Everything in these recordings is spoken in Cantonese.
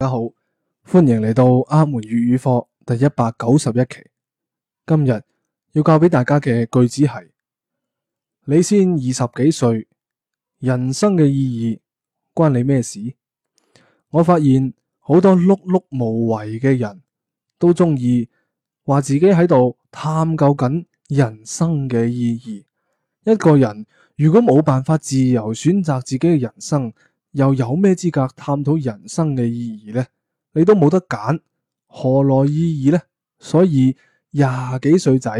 大家好，歡迎嚟到阿門粵語課第一百九十一期。今日要教俾大家嘅句子係：你先二十幾歲，人生嘅意義關你咩事？我發現好多碌碌無為嘅人都中意話自己喺度探究緊人生嘅意義。一個人如果冇辦法自由選擇自己嘅人生，又有咩資格探討人生嘅意義呢？你都冇得揀，何來意義呢？所以廿幾歲仔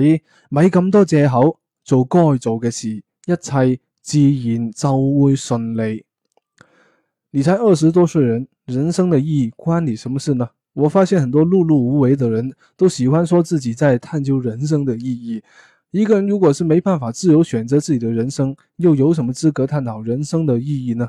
咪咁多借口，做該做嘅事，一切自然就會順利。你才二十多歲人，人生的意義關你什麼事呢？我發現很多碌碌無為的人都喜歡說自己在探究人生的意義。一個人如果是沒辦法自由選擇自己的人生，又有什麼資格探討人生的意義呢？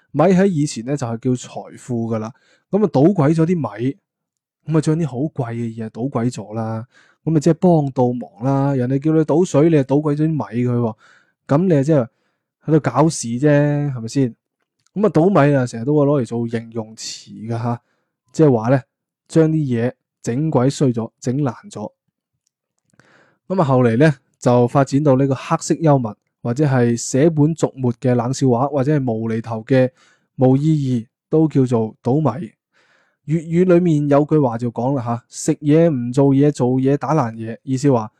米喺以前咧就係叫財富噶啦，咁啊倒鬼咗啲米，咁啊將啲好貴嘅嘢倒鬼咗啦，咁啊即係幫到忙啦，人哋叫你倒水，你啊倒鬼咗啲米佢，咁你即係喺度搞事啫，係咪先？咁啊倒米啊，成日都會攞嚟做形容詞噶吓，即係話咧將啲嘢整鬼衰咗，整爛咗，咁啊後嚟咧就發展到呢個黑色幽默。或者係捨本逐末嘅冷笑話，或者係無厘頭嘅無意義，都叫做倒米。粵語裏面有句話就講啦吓，食嘢唔做嘢，做嘢打爛嘢，意思話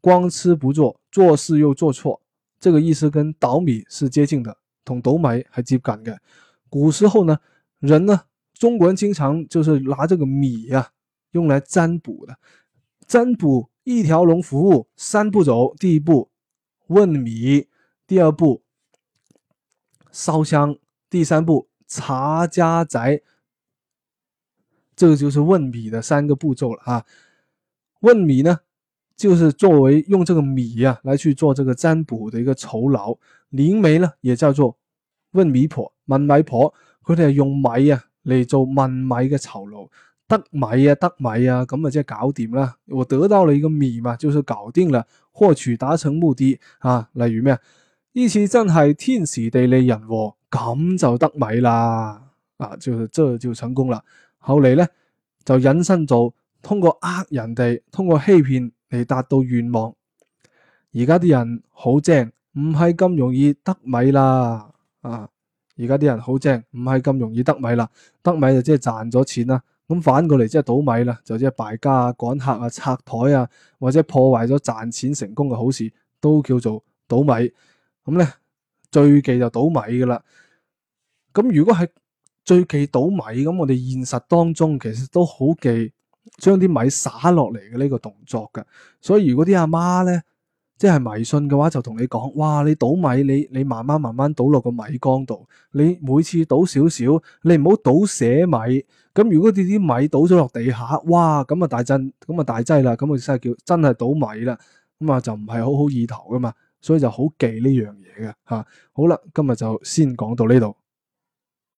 光吃不做，做事又做錯，這個意思跟倒米是接近的，同倒米係接近嘅。古時候呢，人呢，中國人經常就是拿這個米呀、啊，用來占卜的，占卜一條龍服務，三步走，第一步。問米，第二步燒香，第三步查家宅，這個就是問米的三個步驟了啊。問米呢，就是作為用這個米啊，來去做這個占卜的一個酬勞。靈媒呢，也叫做問米婆、問米婆，佢哋係用米啊嚟做問米的酬勞。得米呀、啊，得米呀、啊，咁咪即係搞掂啦！我得到你個米嘛，就算、是、搞掂啦，獲取達成目的啊，例如咩？呢次真係天時地利人和，咁就得米啦！啊，就即就，就成功啦。後嚟咧就引申做，通過呃人哋，通過欺騙嚟達到願望。而家啲人好正，唔係咁容易得米啦！啊，而家啲人好正，唔係咁容易得米啦。得米就即係賺咗錢啦。咁反過嚟即係倒米啦，就即係敗家啊、趕客啊、拆台啊，或者破壞咗賺錢成功嘅好事，都叫做倒米。咁咧，最忌就倒米噶啦。咁如果係最忌倒米，咁我哋現實當中其實都好忌將啲米撒落嚟嘅呢個動作㗎。所以如果啲阿媽咧，即係迷信嘅話，就同你講，哇！你倒米，你你慢慢慢慢倒落個米缸度，你每次倒少少，你唔好倒瀉米。咁如果啲啲米倒咗落地下，哇！咁啊大震，咁啊大劑啦，咁啊真係叫真係倒米啦，咁啊就唔係好好意頭噶嘛，所以就好忌呢樣嘢嘅吓。好啦，今日就先講到呢度。